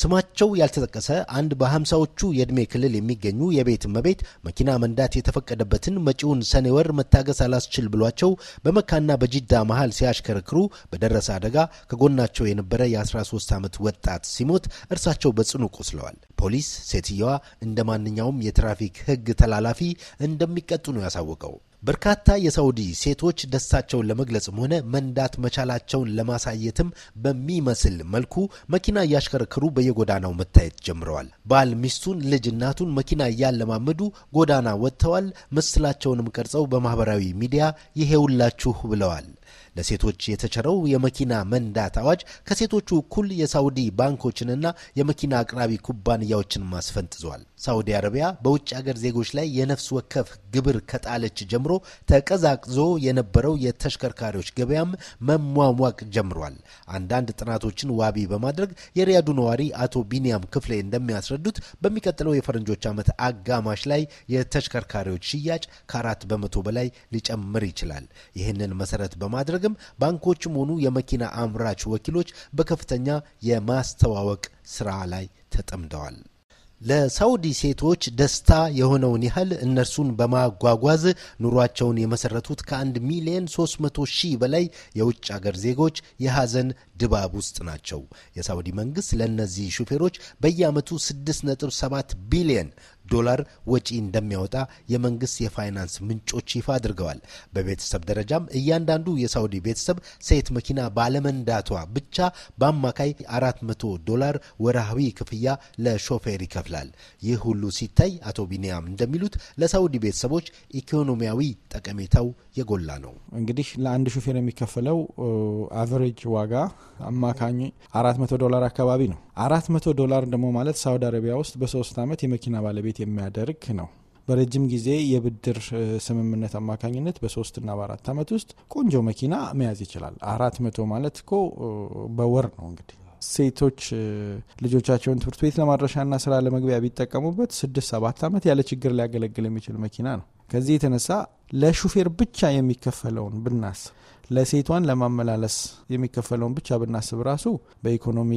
ስማቸው ያልተጠቀሰ አንድ በሀምሳዎቹ የዕድሜ ክልል የሚገኙ የቤት እመቤት መኪና መንዳት የተፈቀደበትን መጪውን ሰኔ ወር መታገስ አላስችል ብሏቸው በመካና በጂዳ መሃል ሲያሽከረክሩ በደረሰ አደጋ ከጎናቸው የነበረ የ13 ዓመት ወጣት ሲሞት እርሳቸው በጽኑ ቆስለዋል። ፖሊስ ሴትየዋ እንደ ማንኛውም የትራፊክ ሕግ ተላላፊ እንደሚቀጡ ነው ያሳወቀው። በርካታ የሳውዲ ሴቶች ደስታቸውን ለመግለጽም ሆነ መንዳት መቻላቸውን ለማሳየትም በሚመስል መልኩ መኪና እያሽከረከሩ በየጎዳናው መታየት ጀምረዋል። ባል ሚስቱን፣ ልጅ እናቱን መኪና እያለማመዱ ጎዳና ወጥተዋል። ምስላቸውንም ቀርጸው በማህበራዊ ሚዲያ ይሄውላችሁ ብለዋል። ለሴቶች የተቸረው የመኪና መንዳት አዋጅ ከሴቶቹ እኩል የሳውዲ ባንኮችንና የመኪና አቅራቢ ኩባንያዎችን ማስፈንጥዟል። ሳውዲ አረቢያ በውጭ አገር ዜጎች ላይ የነፍስ ወከፍ ግብር ከጣለች ጀምሮ ጀምሮ ተቀዛቅዞ የነበረው የተሽከርካሪዎች ገበያም መሟሟቅ ጀምሯል። አንዳንድ ጥናቶችን ዋቢ በማድረግ የሪያዱ ነዋሪ አቶ ቢኒያም ክፍሌ እንደሚያስረዱት በሚቀጥለው የፈረንጆች ዓመት አጋማሽ ላይ የተሽከርካሪዎች ሽያጭ ከአራት በመቶ በላይ ሊጨምር ይችላል። ይህንን መሰረት በማድረግም ባንኮችም ሆኑ የመኪና አምራች ወኪሎች በከፍተኛ የማስተዋወቅ ስራ ላይ ተጠምደዋል። ለሳውዲ ሴቶች ደስታ የሆነውን ያህል እነርሱን በማጓጓዝ ኑሯቸውን የመሰረቱት ከአንድ ሚሊዮን 300 ሺህ በላይ የውጭ አገር ዜጎች የሐዘን ድባብ ውስጥ ናቸው። የሳውዲ መንግስት ለእነዚህ ሹፌሮች በየዓመቱ 6.7 ቢሊዮን ዶላር ወጪ እንደሚያወጣ የመንግስት የፋይናንስ ምንጮች ይፋ አድርገዋል። በቤተሰብ ደረጃም እያንዳንዱ የሳውዲ ቤተሰብ ሴት መኪና ባለመንዳቷ ብቻ በአማካይ 400 ዶላር ወርሃዊ ክፍያ ለሾፌር ይከፍላል። ይህ ሁሉ ሲታይ አቶ ቢኒያም እንደሚሉት ለሳውዲ ቤተሰቦች ኢኮኖሚያዊ ጠቀሜታው የጎላ ነው። እንግዲህ ለአንድ ሾፌር የሚከፈለው አቨሬጅ ዋጋ አማካኝ 400 ዶላር አካባቢ ነው። 400 ዶላር ደግሞ ማለት ሳውዲ አረቢያ ውስጥ በሶስት ዓመት የመኪና ባለቤት የሚያደርግ ነው። በረጅም ጊዜ የብድር ስምምነት አማካኝነት በሶስትና በአራት ዓመት ውስጥ ቆንጆ መኪና መያዝ ይችላል። አራት መቶ ማለት እኮ በወር ነው እንግዲህ ሴቶች ልጆቻቸውን ትምህርት ቤት ለማድረሻና ስራ ለመግቢያ ቢጠቀሙበት ስድስት ሰባት ዓመት ያለ ችግር ሊያገለግል የሚችል መኪና ነው። ከዚህ የተነሳ ለሹፌር ብቻ የሚከፈለውን ብናስብ ለሴቷን ለማመላለስ የሚከፈለውን ብቻ ብናስብ ራሱ በኢኮኖሚ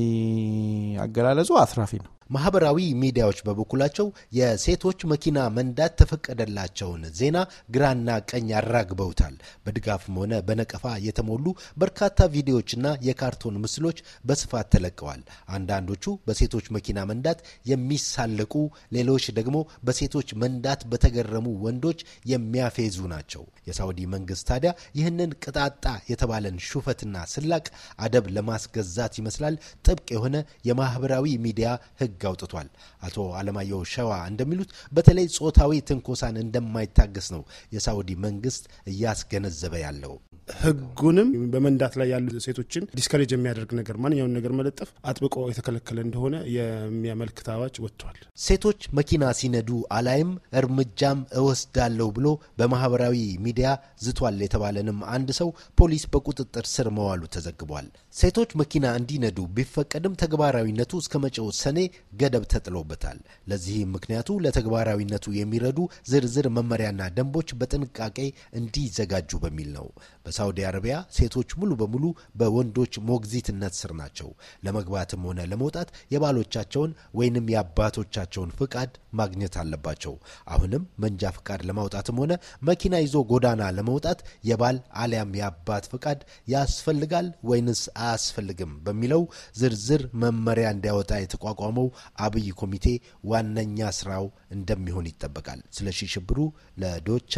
አገላለጹ አትራፊ ነው። ማህበራዊ ሚዲያዎች በበኩላቸው የሴቶች መኪና መንዳት ተፈቀደላቸውን ዜና ግራና ቀኝ አራግበውታል። በድጋፍም ሆነ በነቀፋ የተሞሉ በርካታ ቪዲዮዎችና የካርቶን ምስሎች በስፋት ተለቀዋል። አንዳንዶቹ በሴቶች መኪና መንዳት የሚሳለቁ፣ ሌሎች ደግሞ በሴቶች መንዳት በተገረሙ ወንዶች የሚያፌዙ ናቸው። የሳውዲ መንግስት ታዲያ ይህንን ቅጣጣ የተባለን ሹፈትና ስላቅ አደብ ለማስገዛት ይመስላል ጥብቅ የሆነ የማህበራዊ ሚዲያ ህግ አውጥቷል። አቶ አለማየሁ ሸዋ እንደሚሉት በተለይ ጾታዊ ትንኮሳን እንደማይታገስ ነው የሳውዲ መንግስት እያስገነዘበ ያለው። ህጉንም በመንዳት ላይ ያሉ ሴቶችን ዲስከሬጅ የሚያደርግ ነገር ማንኛውን ነገር መለጠፍ አጥብቆ የተከለከለ እንደሆነ የሚያመልክት አዋጅ ወጥቷል። ሴቶች መኪና ሲነዱ አላይም እርምጃም እወስዳለሁ ብሎ በማህበራዊ ሚዲያ ዝቷል የተባለንም አንድ ሰው ፖሊስ በቁጥጥር ስር መዋሉ ተዘግቧል። ሴቶች መኪና እንዲነዱ ቢፈቀድም ተግባራዊነቱ እስከ መጪው ሰኔ ገደብ ተጥሎበታል። ለዚህም ምክንያቱ ለተግባራዊነቱ የሚረዱ ዝርዝር መመሪያና ደንቦች በጥንቃቄ እንዲዘጋጁ በሚል ነው። በሳውዲ አረቢያ ሴቶች ሙሉ በሙሉ በወንዶች ሞግዚትነት ስር ናቸው። ለመግባትም ሆነ ለመውጣት የባሎቻቸውን ወይንም የአባቶቻቸውን ፍቃድ ማግኘት አለባቸው። አሁንም መንጃ ፍቃድ ለማውጣትም ሆነ መኪና ይዞ ጎዳና ለመውጣት የባል አሊያም የአባት ፍቃድ ያስፈልጋል ወይንስ አያስፈልግም በሚለው ዝርዝር መመሪያ እንዲያወጣ የተቋቋመው አብይ ኮሚቴ ዋነኛ ስራው እንደሚሆን ይጠበቃል። ስለሺ ሽብሩ ለዶቸ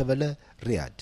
ሪያድ